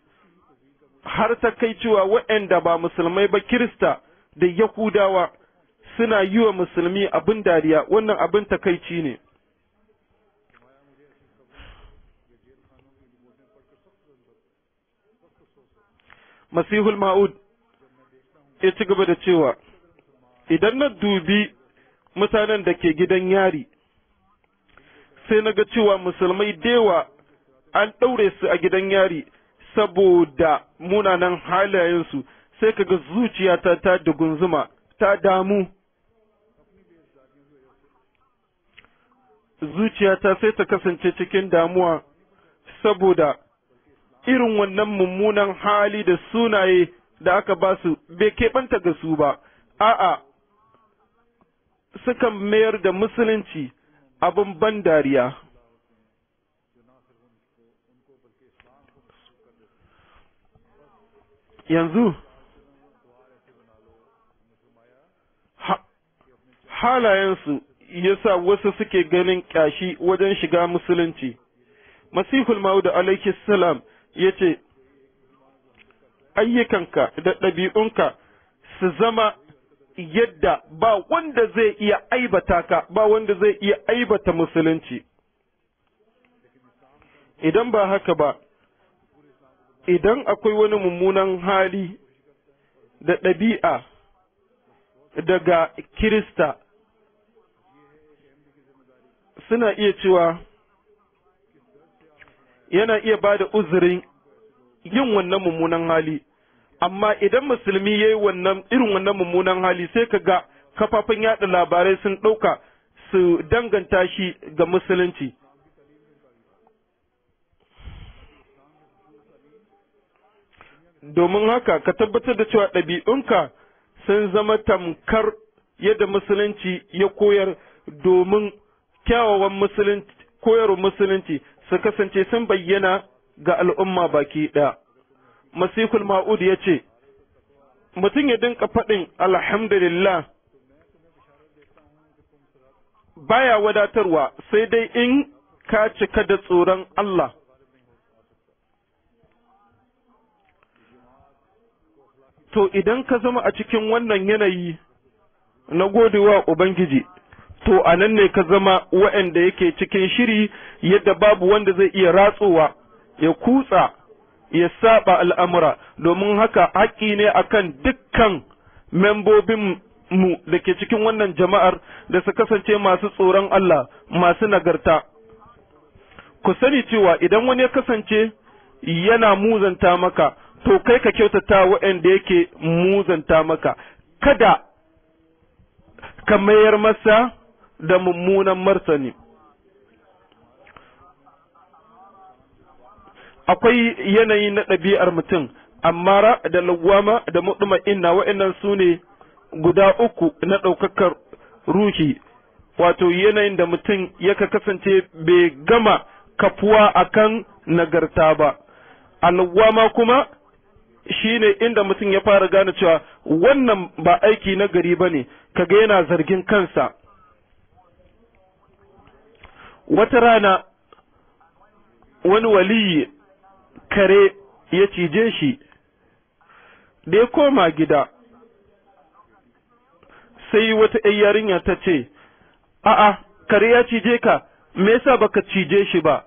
har ta kai cewa wa'anda ba musulmai ba kirista da yahudawa suna yi wa musulmi abin dariya wannan abin takaici ne masihul ma'ud ya ci gaba da cewa idan na dubi mutanen da ke gidan yari sai na ga cewa musulmai dewa an ɗaure su a gidan yari saboda munanan halayensu sai ka ga zuciyata ta dugunzuma ta damu zuciyata sai ta kasance cikin damuwa saboda irin wannan mummunan hali da sunaye da aka ba su bai keɓanta ga su ba, a'a, sukan mayar da musulunci abin ban dariya. Yanzu, halayensu ya sa wasu suke ganin ƙyashi wajen shiga musulunci. Masihul Maudu alaihi salam ya ce ayyukanka da ɗabi'unka su zama yadda ba wanda zai iya aibata ka ba wanda zai iya aibata musulunci idan ba haka ba idan akwai wani mummunan hali da ɗabi'a daga kirista suna iya cewa yana iya ba da uzurin yin wannan mummunan hali amma idan musulmi ya yi wannan irin wannan mummunan hali sai ka ga kafafen yaɗa labarai sun ɗauka su danganta shi ga musulunci domin haka ka tabbatar da cewa ɗabi'unka sun zama tamkar yadda musulunci ya koyar domin kyawawan musulunci koyarwa musulunci su kasance sun bayyana ga al'umma baki ɗaya. Masihul Ma'ud ya ce, Mutum ya dinka faɗin alhamdulillah baya wadatarwa sai dai in ka cika da tsoron Allah. To idan ka zama a cikin wannan yanayi na godewa Ubangiji, to a nan ne ka zama waɗanda yake cikin shiri yadda babu wanda zai iya ratsowa ya kutsa ya saba al'amura domin haka haƙƙi ne akan dukkan membobin mu da ke cikin wannan jama'ar da su kasance masu tsoron Allah masu nagarta. Ku sani cewa idan wani ya kasance yana muzanta maka, to kai ka kyautata waɗanda yake muzanta maka, kada ka mayar masa da mummunan martani akwai yanayi na ɗabi'ar mutum amma da lawama da muɗuma inna wa'annan su ne guda uku na ɗaukakar ruhi wato yanayin da mutum yaka kasance bai gama kafuwa akan nagarta ba alwama kuma shine inda mutum ya fara gane cewa wannan ba aiki na gari ba ne kaga yana zargin kansa wata rana wani waliyi kare ya cije shi da ya koma gida sai wata ‘yan yarinya ta ce, A'a, kare ya cije ka, me yasa baka cije shi ba?’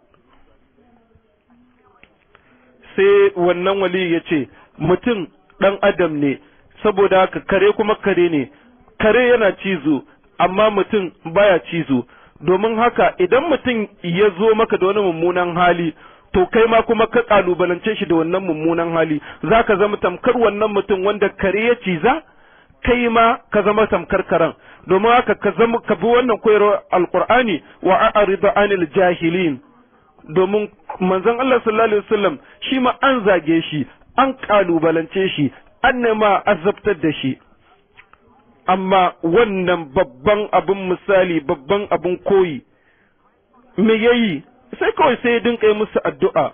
sai wannan wali ya ce mutum ɗan adam ne saboda haka kare kuma kare ne kare yana cizo amma mutum baya cizo domin haka idan mutum ya zo maka da wani mummunan hali to kai ma kuma ka kalubalance shi da wannan mummunan hali za ka zama tamkar wannan mutum wanda kare ya ciza kai ma ka zama tamkar karen domin haka ka zama ka bi wannan koyarwar alqur'ani wa a'ridu anil jahilin domin manzon Allah sallallahu alaihi wasallam shi ma an zage shi an kalubalance shi an nema azabtar da shi amma wannan babban abin misali babban abin koyi me yayi sai kawai sai ya dinka musu addu'a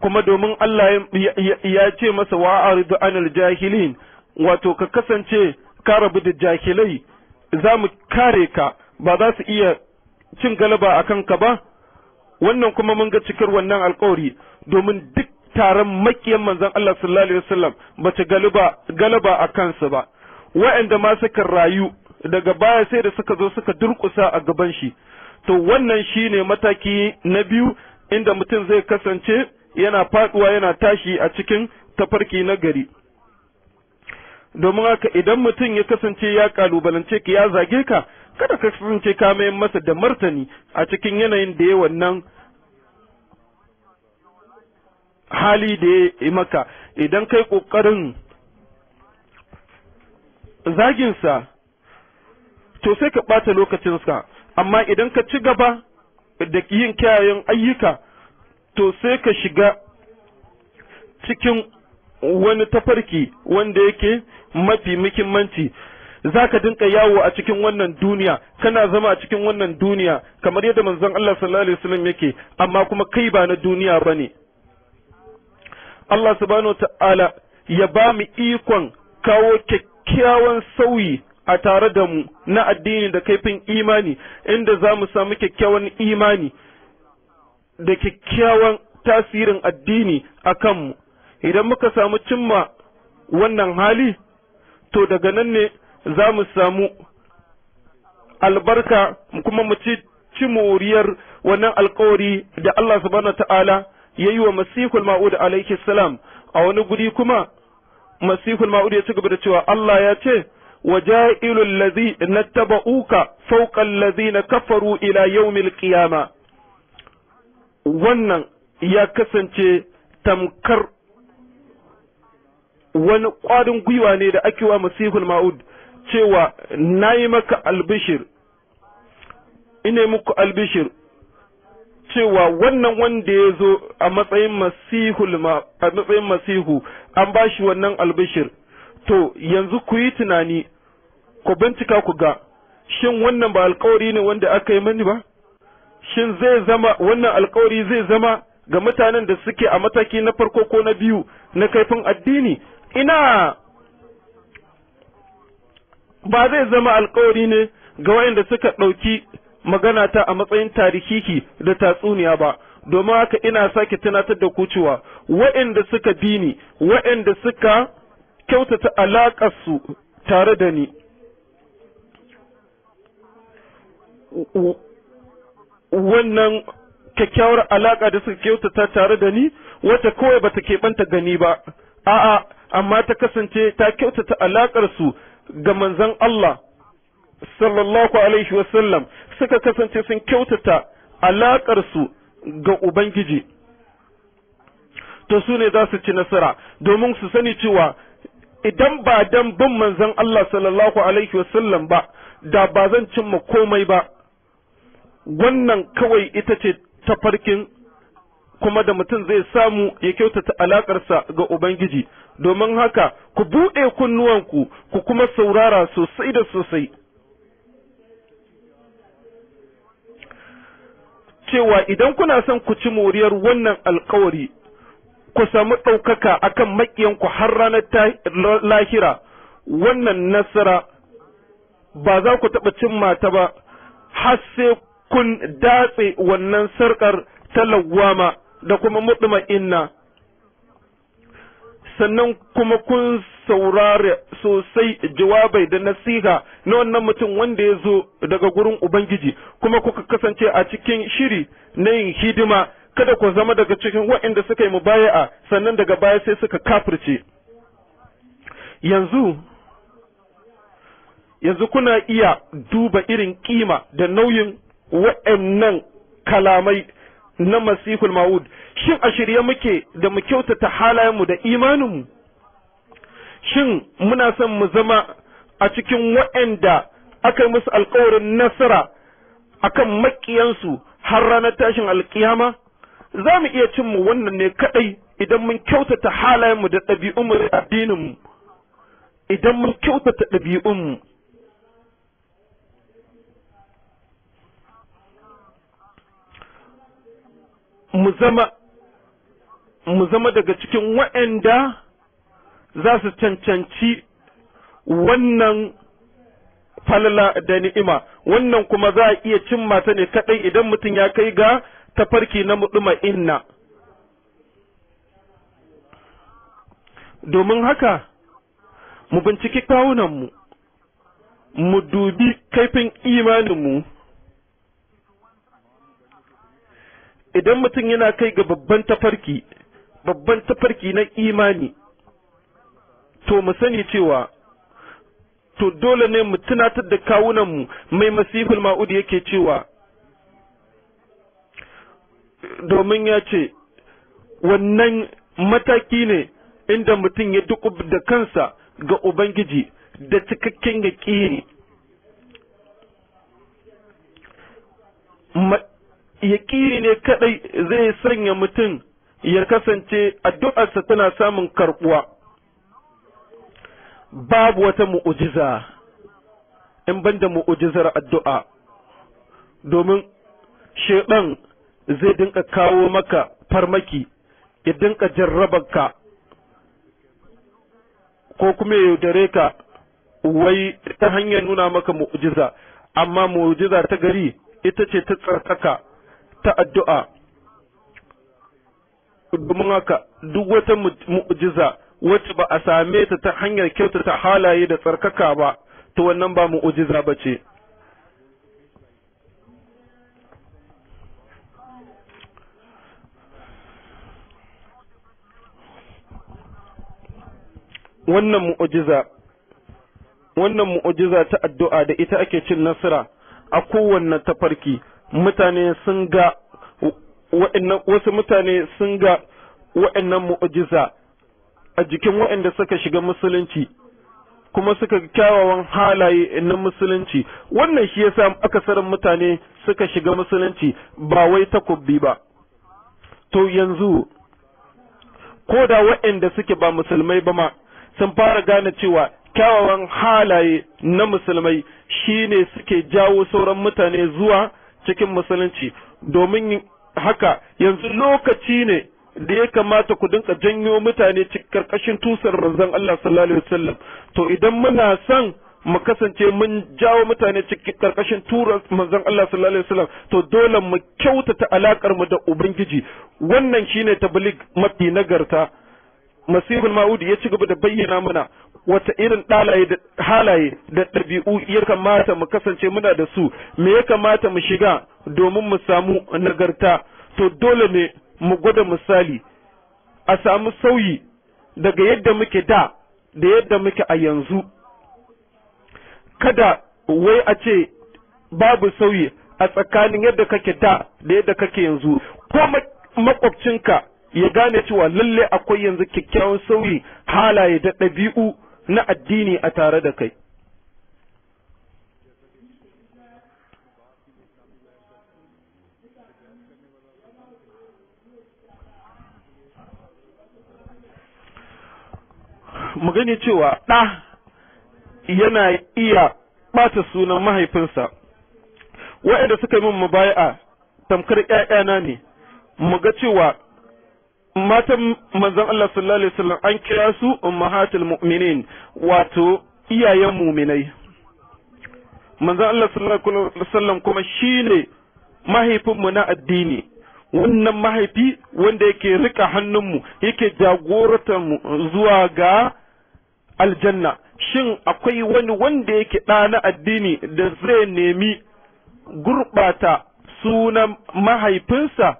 kuma domin Allah ya ce masa wa aridu anil jahilin wato ka kasance ka rabu da jahilai za mu kare ka ba za su iya cin galaba a kanka ba wannan kuma mun ga cikar wannan alkawari domin duk taron makiyan manzon Allah sallallahu alaihi wasallam ba ta galaba galaba a kansu ba waɗanda ma suka rayu daga baya sai da suka zo suka durƙusa a gaban shi to wannan shine mataki na biyu inda mutum zai kasance yana faduwa yana tashi a cikin tafarki na gari domin haka idan mutum ya kasance ya kalubalance ka ya zage ka kada ka kasance ka mayar masa da martani a cikin yanayin da ya wannan hali da ya yi maka idan kai ƙoƙarin zaginsa to sai ka ɓata lokacinsa amma idan ka ci gaba da yin kyawawan ayyuka to sai ka shiga cikin wani tafarki wanda yake mafi muhimmanci za ka dinka yawo a cikin wannan duniya kana zama a cikin wannan duniya kamar yadda manzon Allah sallallahu alaihi wasallam yake amma kuma kai ba na duniya bane Allah subhanahu ta'ala ya ba mu ikon kawo kyakkyawan sauyi a tare da mu na addini da kaifin imani inda za mu samu kyakkyawan imani da kyakkyawan tasirin addini a kanmu idan muka samu cimma wannan hali to daga nan ne za mu samu albarka kuma mu ci moriyar wannan alkawari da Allah subhanahu ta'ala ya yi wa masihul ma'ud alaihi salam a wani guri kuma masihul ma'ud ya ci gaba da cewa Allah ya ce wa ja'ilul ladhi nattaba'uka fawqa alladhina kafaru ila yawmil qiyama wannan ya kasance tamkar wani ƙwarin gwiwa ne da ake wa masihul ma'ud cewa nayi yi maka albishir muku albishir cewa wannan wanda ya zo a matsayin masihu a matsayin masihu an ba shi wannan albishir to yanzu ku yi tunani ku bincika ku ga shin wannan ba alkawari ne wanda aka yi mani ba shin zai zama wannan alkawari zai zama ga mutanen da suke a mataki na farko ko na biyu na kaifin addini ina ba zai zama alkawari ne ga wayanda suka ɗauki magana ta a matsayin tarihiki da tatsuniya ba domin haka ina sake tunatar da ku cewa waɗanda suka bi ni waɗanda suka kyautata alaƙarsu tare da ni wannan kyakkyawar alaƙa da suka kyautata tare da ni wata kawai bata keɓanta gani ba a'a amma ta kasance ta kyautata alaƙarsu ga manzon Allah sallallahu alaihi wasallam suka kasance sun kyautata alaƙarsu ga Ubangiji, to su ne za su ci nasara domin su sani cewa idan ba dan bin manzon Allah sallallahu Alaihi wasallam ba, da ba zan cimma komai ba, wannan kawai ita ce ta farkin kuma da mutum zai samu ya kyautata alaƙarsa ga Ubangiji, domin haka ku buɗe kunnuwanku ku kuma saurara sosai da sosai. cewa idan kuna son ku ci moriyar wannan alkawari ku samu ɗaukaka akan maƙiyanku har ranar lahira wannan nasara ba za ku taɓa cin mata ba har sai kun datse wannan sarƙar ta lawama da kuma muɗuma inna sannan kuma kun saurara sosai jawabai da nasiha na wannan mutum wanda ya zo daga gurin Ubangiji kuma kuka kasance a cikin shiri na yin hidima kada ku zama daga cikin waɗanda suka yi a sannan daga baya sai suka kafirce yanzu yanzu kuna iya duba irin kima da nauyin waɗannan kalamai na masihul ma'ud shin a shirye muke da mu kyautata halayenmu da imaninmu shin muna son mu zama a cikin wayanda aka yi musu alkawarin nasara akan makiyansu har ranar tashin alkiyama za mu iya cin mu wannan ne kaɗai idan mun kyautata halayenmu da ɗabi'unmu da addininmu idan mun kyautata ɗabi'unmu mu zama daga cikin wa'anda. za su cancanci wannan falala da ni'ima wannan kuma za a iya cimma ta ne kaɗai idan mutum ya kai ga tafarki na muɗuma inna domin haka mu binciki kawunanmu mu dubi kaifin imaninmu idan mutum yana kai ga babban tafarki babban tafarki na imani to mu sani cewa to dole ne mu tunatar da kawunan mu mai masifin ma'ud yake cewa domin ya ce wannan mataki ne inda mutum ya duk da kansa ga Ubangiji da cikakken ya Ya ƙiri ne kaɗai zai sanya mutum ya kasance addu'arsa tana samun karɓuwa. babu wata mu'ujiza in banda mu'ujizar addu'a domin shedan zai dinka kawo maka farmaki ya dinka jarrabanka. ko kuma ya yaudare ka wai ta hanyar nuna maka mu'ujiza amma mu'ujiza ta gari ita ce ta tsarkaka ta addu'a domin duk wata mu'ujiza wacce ba a same ta ta hanyar kyautata halaye da tsarkaka ba to wannan ba mu'ujiza ba ce wannan mu'ujiza wannan mu'ujiza ta addu'a da ita ake cin nasara a kowanne tafarki mutane sun ga wasu mutane sun ga wa'annan mu'ujiza a jikin waɗanda suka shiga musulunci kuma suka kyawawan halaye na musulunci wannan shi yasa akasarin mutane suka shiga musulunci ba wai takubbi ba to yanzu ko da waɗanda suke ba musulmai ba ma sun fara gane cewa kyawawan halaye na musulmai shine suke jawo sauran mutane zuwa cikin musulunci domin haka yanzu lokaci ne da ya kamata ku dinka janyo mutane cikin karkashin tusar manzon Allah sallallahu alaihi wasallam to idan muna son mu kasance mun jawo mutane cikin karkashin turar manzon Allah sallallahu alaihi wasallam to dole mu kyautata alakar mu da ubangiji wannan shine tabligh mafi nagarta masihul ma'udi ya ci gaba da bayyana mana wata irin ɗalaye da halaye da ɗabi'u ya kamata mu kasance muna da su me ya kamata mu shiga domin mu samu nagarta to dole ne mu gwada misali a samu sauyi daga yadda muke da da yadda muke a yanzu kada wai a ce babu sauyi a tsakanin yadda kake da da yadda kake yanzu ko makwabcinka ya gane cewa lalle akwai yanzu kyakkyawan sauyi halaye da ɗabi'u na addini a tare da kai mu gani cewa ɗa yana iya ɓata sunan mahaifinsa waɗanda suka yi min mubaya'a tamkar ƴaƴana ne mu ga cewa matan manzon Allah sallallahu alaihi wasallam an kira su ummahatul mu'minin wato iyayen mu'minai manzon Allah sallallahu alaihi wasallam kuma shine mahaifinmu na addini wannan mahaifi wanda yake rika hannunmu yake jagoratar mu zuwa ga aljanna shin akwai wani wanda yake ɗa na addini da zai nemi gurɓata sunan mahaifinsa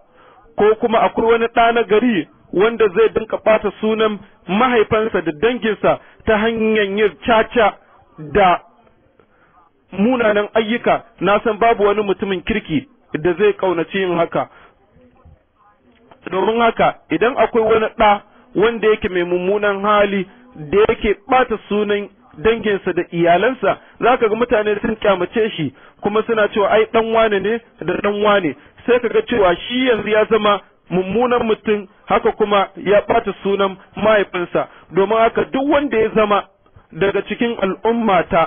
ko kuma akwai wani ɗa na gari wanda zai dinka ɓata sunan mahaifinsa da danginsa ta hanyar yin caca da munanan ayyuka na san babu wani mutumin kirki da zai ƙaunaci yin haka domin haka idan akwai wani ɗa wanda yake mai mummunan hali da yake ɓata sunan danginsa da iyalansa za ka ga mutane sun kyamace shi kuma suna cewa ai dan wane ne da dan wane sai ka ga cewa shi yanzu ya zama mummunan mutum haka kuma ya ɓata sunan mahaifinsa domin haka duk wanda ya zama daga cikin al'ummata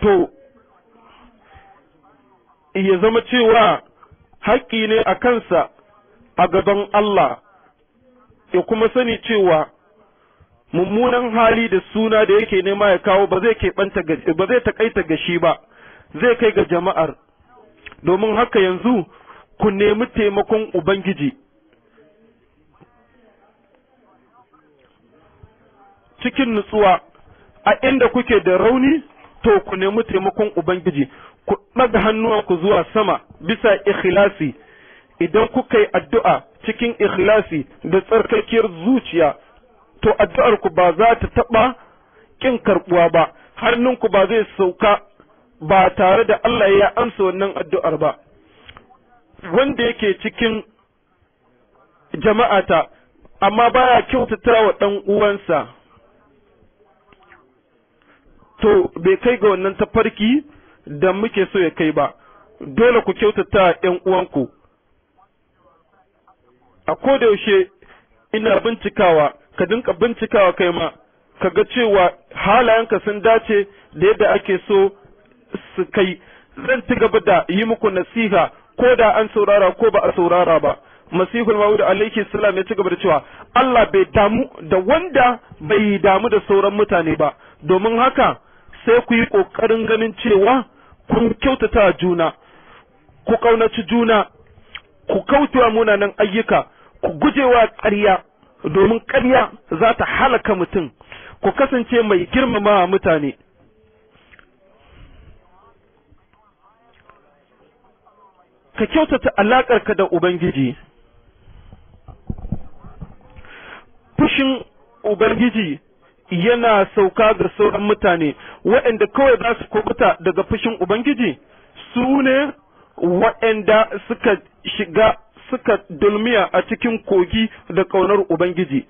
to ya zama cewa haƙƙi ne a kansa a gaban Allah ya kuma sani cewa mummunan hali da suna da yake nema ya kawo ba zai keɓanta ba takaita ga shi ba zai kai ga jama'ar domin haka yanzu ku nemi taimakon ubangiji cikin nutsuwa a inda kuke da rauni to ku nemi taimakon ubangiji ku ɗaga hannuwanku zuwa sama bisa ikhlasi idan kuka yi addu'a cikin ikhlasi da tsarkakiyar zuciya to addu'ar ku ba za ta taɓa ƙin karɓuwa ba hannunku ba zai sauka ba tare da Allah ya amsa wannan addu'ar ba wanda yake cikin jama'ata amma baya kyautata wa ɗan uwansa to bai kai ga wannan tafarki da muke so ya kai ba dole ku kyautata ‘yan uwanku a kodayaushe ina bincikawa ka dinka bincikawa kai ma ka ga cewa halayenka sun dace da yadda ake so su kai zan ci gaba da yi muku nasiha ko da an saurara ko ba a saurara ba masihul ma'ud alayhi salam ya ci gaba da cewa Allah bai damu da wanda bai damu da sauran mutane ba domin haka sai ku yi kokarin ganin cewa kun kyautata juna ku kaunaci juna ku kautuwa munanan ayyuka ku gujewa ƙarya domin ƙarya za ta halaka mutum ku kasance mai girmama mutane ka kyautata alaƙarka da ubangiji fushin ubangiji yana sauka ga sauran mutane waɗanda kawai za su kubuta daga fushin ubangiji su ne waɗanda suka shiga suka dulmiya a cikin kogi da ƙaunar Ubangiji.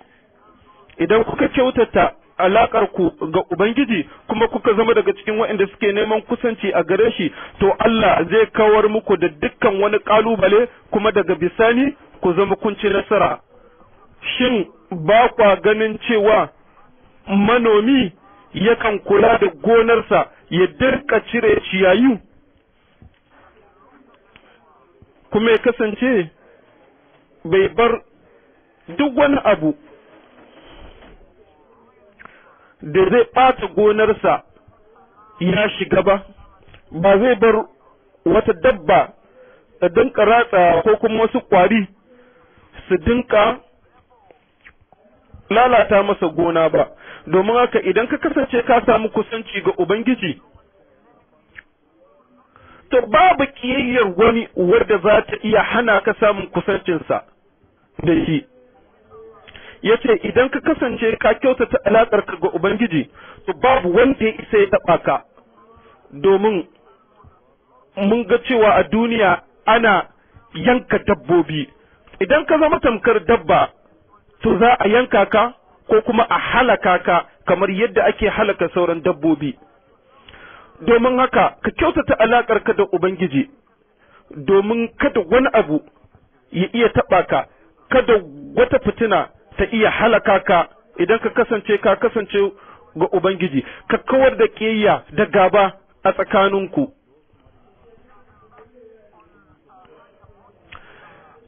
Idan kuka kyautata alaƙar ku ga Ubangiji kuma kuka zama daga cikin waɗanda suke neman kusanci a gare shi to Allah zai kawar muku da dukkan wani ƙalubale kuma daga bisani ku zama kunci nasara. Shin ba kwa ganin cewa manomi yakan kula da gonarsa ya dirka cire ciyayu? Kuma ya kasance bai bar duk wani abu da zai ɓata gonarsa ya shiga ba ba zai bar wata dabba da dinka ratsa ko kuma wasu ƙwari su dinka lalata masa gona ba domin haka idan ka kasance ka samu kusanci ga ubangiji to babu ƙiyayyar wani wadda za ta iya hana ka samun kusancinsa da shi ya ce idan ka kasance ka kyautata alaƙarka ga ubangiji to babu wanda ya isa ya taɓa ka domin mun ga cewa a duniya ana yanka dabbobi idan ka zama tamkar dabba to za a yanka ka ko kuma a halaka ka kamar yadda ake halaka sauran dabbobi domin haka ka kyautata alaƙarka da ubangiji domin kada wani abu ya iya taɓa ka kada wata fitina ta iya halaka ka idan ka kasance ka kasance ga Ubangiji, ka kawar da ƙiyayya da gaba a tsakaninku.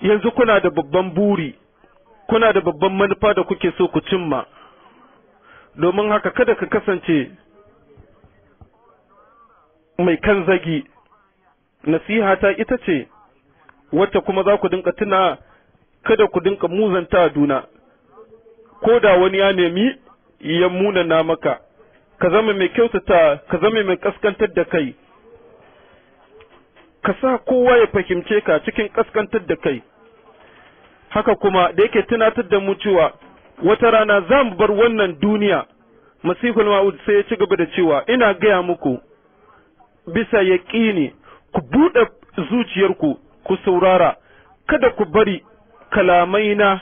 Yanzu kuna da babban buri, kuna da babban manufa da kuke so ku cimma, domin haka kada ka kasance mai kan zagi, nasiha ta ita ce, wacce kuma za ku dinka tuna kada ku dinka muzanta duna ko da wani ya nemi ya munana maka ka zama mai kyautata ka zama mai kaskantar da kai ka sa kowa ya fahimce ka cikin kaskantar da kai haka kuma da yake tunatar da mu cewa wata rana za mu bar wannan duniya masihul ma'ud sai ya ci gaba da cewa ina gaya muku bisa yaƙini ku buɗe zuciyarku ku saurara kada ku bari kalamaina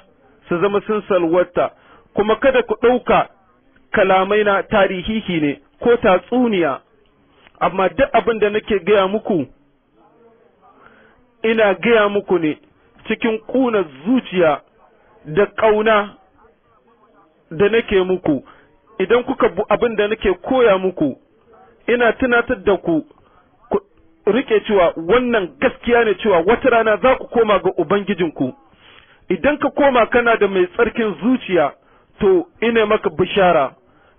su zama sun salwarta kuma kada ku ɗauka kalamaina tarihihi ne ko tatsuniya amma duk abin da nake gaya muku ina gaya muku ne cikin ƙuna zuciya da ƙauna da nake muku idan kuka bu abin da nake koya muku ina tunatar da ku ku rike cewa wannan gaskiya ne cewa wata rana za ku koma ga ubangijinku idan ka koma kana da mai tsarkin zuciya to ina maka bishara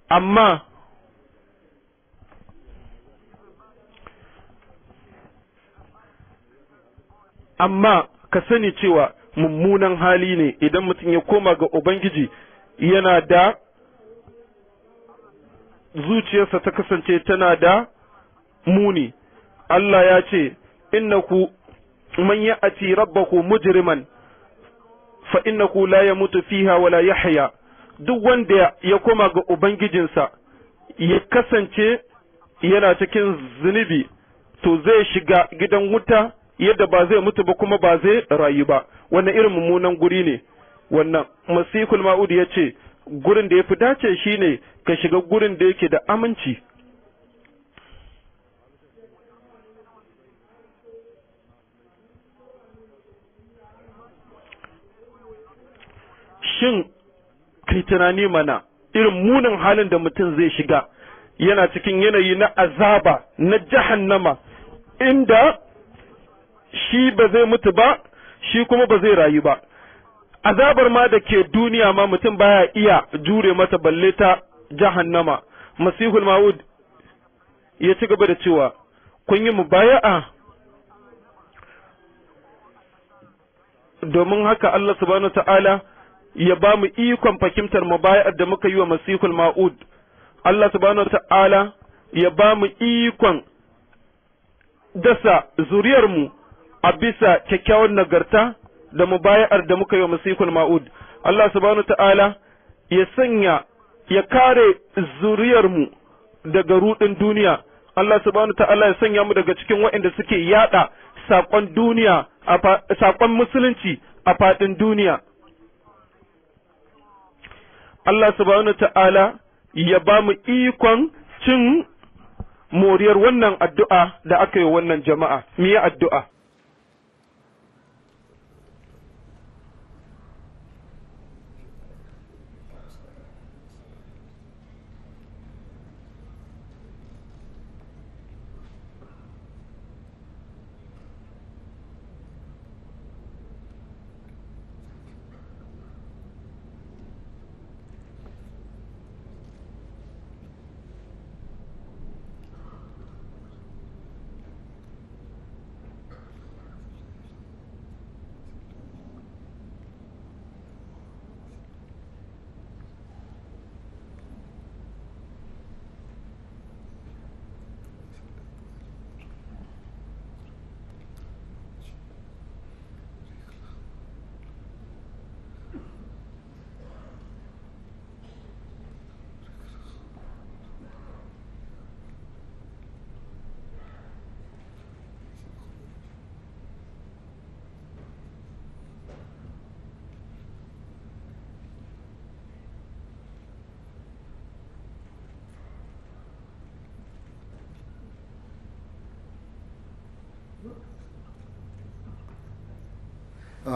amma amma ka sani cewa mummunan hali ne idan mutum ya koma ga ubangiji yana da zuciyarsa ta kasance tana da muni Allah ya ce innaku man ya'ati rabbahu mujriman fa innahu la yamutu fiha wala yahya duk wanda ya koma ga ubangijinsa ya kasance yana cikin zunubi to zai shiga gidan wuta yadda ba zai mutu ba kuma ba zai rayu ba wannan irin mummunan guri ne wannan masihul ma'udu ya ce gurin da ya fi dace shine ka shiga gurin da yake da aminci shin kai tunani mana irin munin halin da mutum zai shiga yana cikin yanayi na azaba na jahannama inda shi ba zai mutu ba shi kuma ba zai rayu ba azabar ma da ke duniya ma mutum baya iya jure mata balle ta jahannama masihul mawud ya ci gaba da cewa kun yi mubaya'a domin haka Allah subhanahu ta'ala ya ba mu ikon fahimtar mubaya'ar da muka yi wa masihul ma'ud Allah subhanahu wa ta'ala ya ba mu ikon dasa zuriyarmu a bisa kyakkyawar nagarta da mubaya'ar da muka yi wa masihul ma'ud Allah subhanahu wa ta'ala ya sanya ya kare zuriyarmu daga rudin duniya Allah subhanahu wa ta'ala ya sanya mu daga cikin waɗanda suke yada saƙon duniya saƙon musulunci a faɗin duniya Allah subhanahu ta'ala ya ba mu ikon cin moriyar wannan addu'a da aka yi wannan jama'a, miya addu'a.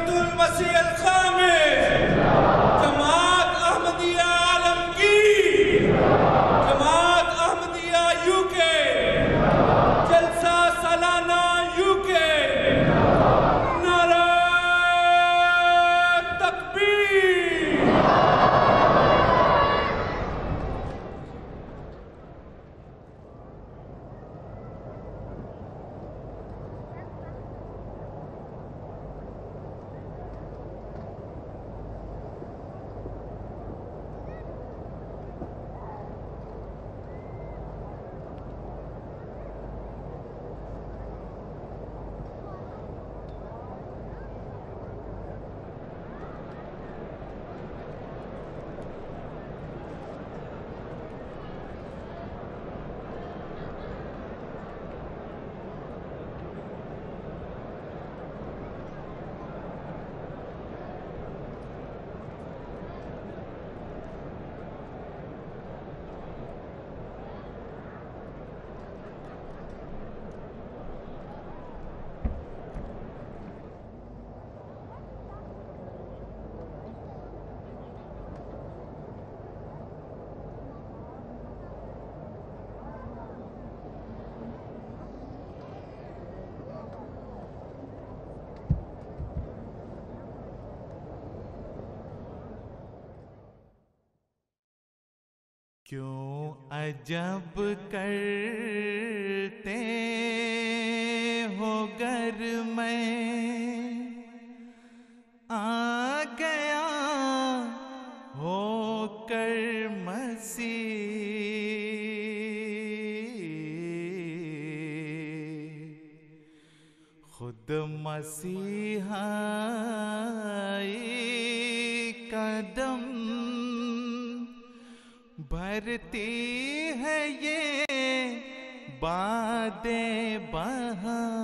عبد المسیح الفامی अजब करते हो गर मैं आ गया हो कर मसी खुद मसीहा कदम करती है ये बातें बहा